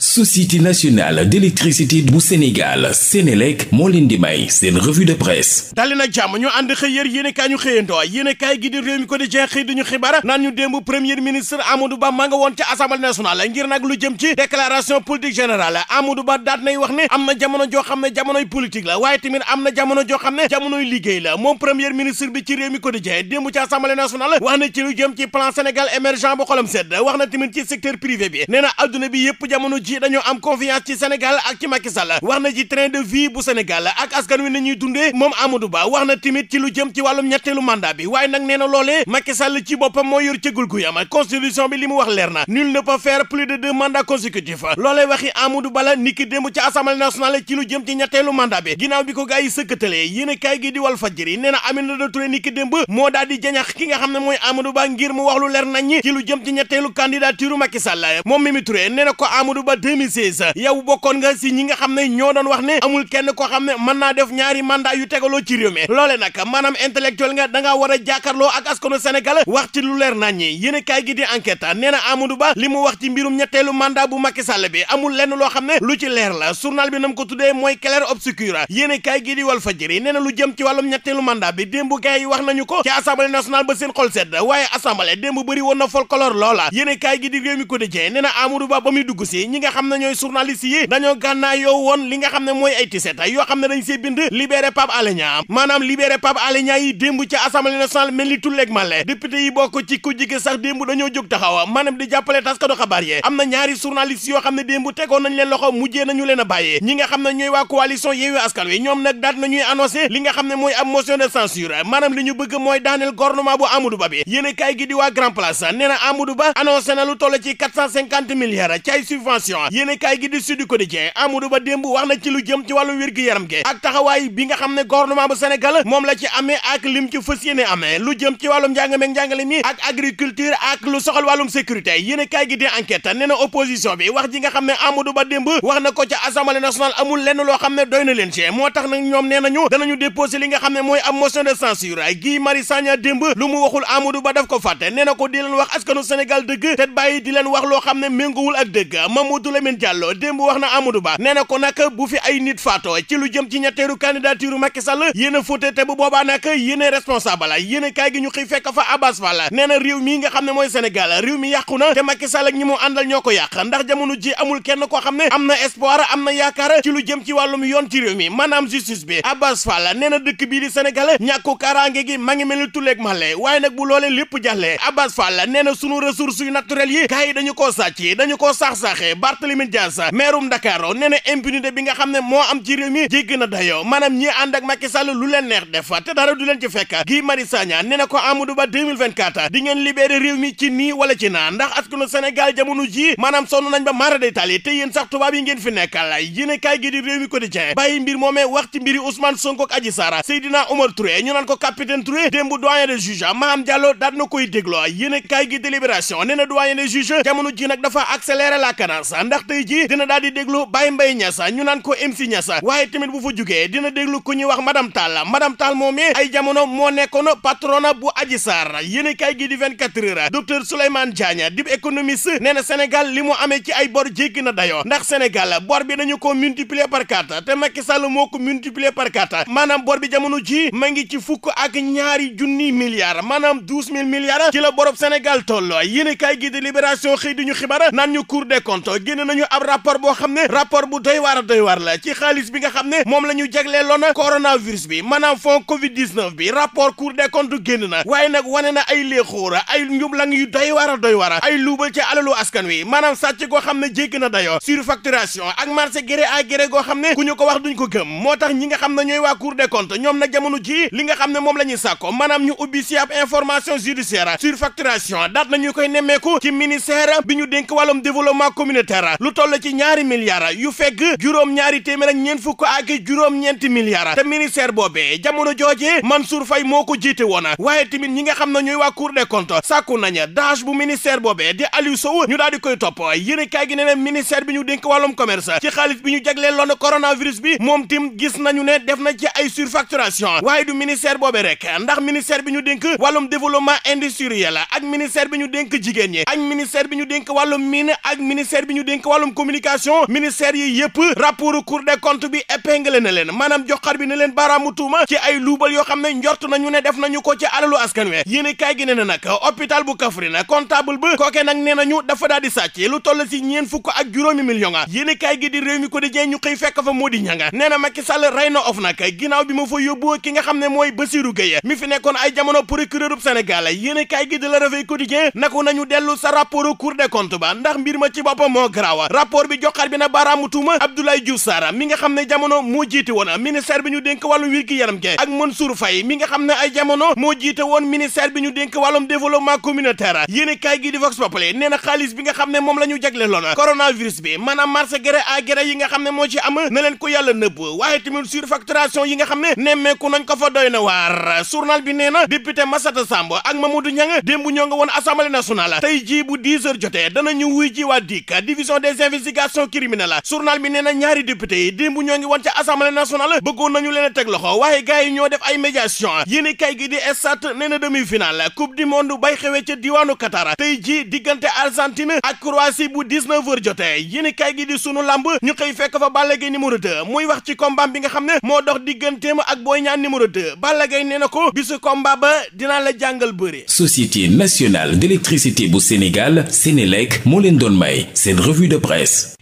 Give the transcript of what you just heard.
société nationale d'électricité bu Sénégal Sénélec moo leen di may seen revue de presse dali nag jàmm ñu ànd xëy yér yéen i kaay ñu xëyandoo yéen i kaay gi di réew mi ko di jeex xëy dañu xibaar naan ñu démb premier ministre Amadou Ba ma nga woon ci assemblée nationale ngir nag lu jëm ci déclaration politique générale Amadou Ba daat nay wax ne am na jamono joo xam ne jamonoy politique la waaye tamit am na jamono joo xam ne jamonoy liggéey la moom premier bi ci réew mi ko di jeex na ci lu ji dañoo am confiance ci Sénégal ak ci Macky Sall wax na ci train de vie bu Sénégal ak askan wi nañuy dundee moom Amadou Ba wax na tamit ci lu jëm ci wàllum ñetteelu mandat bi waaye nag nee na loolee Macky Sall ci boppam moo yor cëggul gu yama constitution bi li mu wax leer na nul ne plus de deux mandats loolee waxi Amadou Ba la niki démb ci assemblée nationale ci lu jëm ci ñetteelu mandat bi ginnaaw bi ko gars yi sëkkatalee yéen a kaay gi 2016 yow bokkoon nga si ñi nga xam ne ñoo doon wax ne amul kenn koo xam ne mën naa def ñaari mandat yu tegaloo ci réew mi loole nag maanaam intellectuel nga da ngaa war a jàkkaarloo ak askanu Sénégal wax ci lu leer naññi yéen kaay gi di enquête nee na Amadou Ba li mu wax ci mbirum ñetteelu mandat bu Macky Sall bi amul lenn loo xam ne lu ci leer la journal bi nam ko tuddee mooy clair obscur yéen kaay gi di Walf Fadjri nee na lu jëm ci wàllum ñetteelu mandat bi démb gaay yi wax nañu ko ci assemblée nationale ba seen xol sedd waaye assemblée démb bëri woon na folklore loola yéen kaay gi di réew mi quotidien nee na Amadou Ba ba muy nga xam ne ñooy journaliste yi dañoo gànnaayoo woon li nga xam ne mooy ay yoo xam ne dañ see bind libéré Pape Alé Niang maanaam libéré Pape Alé Niang yi démb ci assemblée nationale mel ni tulleeg male député yi bokk ci ku jige sax démb dañoo jóg taxawa maanaam di jàppale taskatu xabaar yi am na ñaari journaliste yoo xam ne démb tegoon nañu leen a bàyyee ñi nga xam ne ñooy waa coalition Yewwi Askan Wi ñoom nag daat nañuy annoncé li nga xam ne mooy ab de Libération yéen i kaay gi di Sud Quotidien Amadou Ba démb wax na ci lu jëm ci wàllu wér yaram gi ak taxawaay bi nga xam ne gouvernement bu Sénégal moom la ci amee ak lim ci fas yéene amee lu jëm ci wàllum njàng njàngale mi ak agriculture ak lu soxal wàllum sécurité yéen i kaay gi di enquête nee opposition bi wax ji nga xam ne Amadou Ba démb wax na ko ci Assemblée nationale amul lenn loo xam ne doy na leen ci moo tax nag ñoom nee nañu danañu déposé li nga xam ne mooy am motion de censure Guy Marius Sagna démb lu mu waxul Amadou Ba daf ko fàtte loo xam ne méngoowul ak Mamadou Lamine Diallo démb wax na Amadou Ba nee na ko nag bu fi ay nit faatoo ci lu jëm ci ñetteelu candidature Macky Sall yéen a te bu boobaa nag yéen a responsable a kaay gi ñu xëy fekk fa Abbas Fall nee na réew mii nga xam ne mooy Sénégal réew mi yàqu te Macky Sall ak ñi mu ñoo ko yàq ndax jamono ji amul kenn koo xam ne am na espoir am na yaakaar ci lu jëm ci wàllum yoon ci réew mi bi Abbas Fall nee na dëkk bii di ñàkku kaaraange ma ngi mel ni tuleeg male waaye nag bu loolee lépp jàllee Barthélémy Dias meerum Dakar nee na impunité bi nga xam ne moo am ci réew mi jéggi na dayoo maanaam ñi ànd ak lu leen neex def te dara du leen ci fekk Guy Marius Sagna nee na ko Amadou Ba 2024 di ngeen ci nii wala ci naa ndax askanu Sénégal jamono ji maanaam sonn ba mara day tali te yéen sax tubaab yi ngeen fi nekkal yéen a kaay gi di réew mi quotidien bàyyi mbir moomee wax ci mbiri Ousmane Sonko ak Adji Sarr Seydina Omar Touré ñu naan ko capitaine Touré démb doyen ndax tey jii dina daal di déglu Baye Mbaye Niass ñu naan ko MC Niass waaye tamit bu fa jugee dina déglu ku ñu wax madame Tall madame Tall moom ay jamono moo nekkoon patronat bu Adji Sarr yéen kay gi di 24 heures docteur Souleymane Diagne dib économiste nee na Sénégal li mu amee ci ay bor jéggi na dayoo ndax Sénégal bor bi dañu ko multiplier par te Macky Sall moo ko multiplier par quatre maanaam bor bi jamono ji ma ngi ci fukk ak ñaari junni milliards maanaam douze mille milliards ci la borob Sénégal toll yéen gi di libération xëy di ñu xibaar naan ñu cour des génn nañu ab rapport boo xam ne rapport bu doy waar a doy waar la ci xaalis bi nga xam ne moom la ñu jagleeloon coronavirus bi maanaam fond Covid 19 bi rapport Cour des comptes génn na waaye nag wane na ay léexóora ay njublang yu doy war a doy war ay luubal ci alalu askan wi maanaam sàcc goo xam ne jéggi na dayoo surfacturation ak marché gré à gré goo xam ne ku ñu ko wax duñ ko gëm moo tax ñi nga xam na ñooy waa Cour des comptes ñoom nag jamono ji li nga ne moom la ñuy sàkko maanaam ñu ubbi information judiciaire surfacturation daat nañu koy nemmeeku ci ministère ñu dénk wàllum développement communautaire milliards lu toll ci ñaari milliards yu fekk juróom ñaari téeméer ak ñeent fukk ak juróom-ñeenti milliards te ministère boobee jamono jooje Mansour Faye moo ko jiite woon waaye tamit ñi nga xam ne ñooy waa Cour des comptes sàkku nañu daaj bu ministère boobee di Aliou Sow ñu daal koy topp yéen kaay gi nee na bi ñu dénk wàllum commerce ci xaalis bi ñu jagleel loon coronavirus bi moom tim gis nañu ne def na ci ay surfacturation waaye du ministère boobee rek ndax ministère bi ñu dénk wàllum développement industriel ak ministère bi ñu dénk jigéen ñi ak ministère bi ñu dénk wàllum mine ak ministère bi ñu dénk wàllum communication ministère yi yëpp rapport cour des comptes bi épinglé na leen maanaam joxar bi na leen baaraamu tuuma ci ay luubal yoo xam ne njort nañu ne def nañu ko ci alalu askan wi yéen kaay gi nee na nag hôpital bu Kaffrine comptable ba kookee nag nee nañu dafa daal di sàcc lu toll si ñeen fukk ak juróomi million a yéen kaay gi di réew mi ko di ñu xëy fekk fa moo di ñanga nee na Macky Sall rey na of nag bi ma fa yóbbu ki nga xam ne mooy Bassirou Gueye mi fi nekkoon ay jamono procureur du Sénégal yéen kaay gi di la Réveil Quotidien naku nañu dellu garaawa rapport bi joxaat bi na baaraamu tuuma Abdoulaye Diouf Sarr mi nga xam ne jamono moo jiite woon ministère bi ñu dénk wàllum wér gi yaram ge ak Mansour Faye mi nga xam ne ay jamono moo jiite woon ministère bi ñu dénk wàllum développement communautaire yéen kaay gi di Vox Populi xaalis bi nga xam ne moom la ñu jagle loon coronavirus bi maanaam marché gré à gré yi nga xam ne moo ci am na ko yàlla nëbb waaye tamit surfacturation yi nga xam ne nemmeeku nañ ko commission des investigations criminelles journal bi nee na ñaari député yi démb ñoo ngi woon ca assemblée nationale bëggoon nañu leen a teg loxo waaye gars ñoo def ay médiation yéen kay gi di estat nee na demi-finale coupe du monde bay xewee ca diwaanu Qatar tey ji diggante Argentine ak Croatie bu 19 jotee yéen gi di sunu lamb ñu xëy fekk fa Balla Gaye numéro 2 muy wax ci combat bi nga xam ne moo dox digganteem ak Boy Niang numéro 2 Balla Gaye nee na ko bisu combat ba dinaa la jàngal bëre. Société nationale d'électricité bu Sénégal Sénélec moo leen doon may seen revue de presse